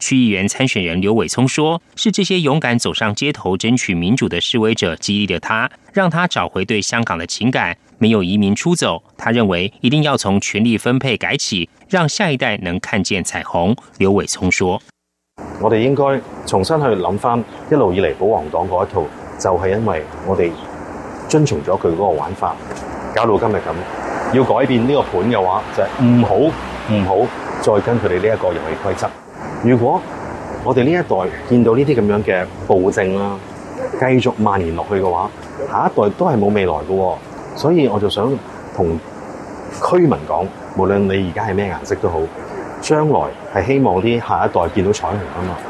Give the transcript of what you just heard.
區議員參選人劉偉聰說：“是這些勇敢走上街頭爭取民主的示威者激勵了他，讓他找回對香港的情感。沒有移民出走，他認為一定要從權力分配改起，讓下一代能看見彩虹。”劉偉聰說：“我哋應該重新去諗翻一路以嚟保皇黨嗰一套，就係因為我哋遵從咗佢嗰個玩法，搞到今日咁。要改變呢個盤嘅話，就係唔好唔好再跟佢哋呢一個遊戲規則。”如果我哋呢一代見到呢啲咁樣嘅暴政啦，繼續蔓延落去嘅話，下一代都係冇未來嘅。所以我就想同區民講，無論你而家係咩顏色都好，將來係希望啲下一代見到彩虹啊嘛。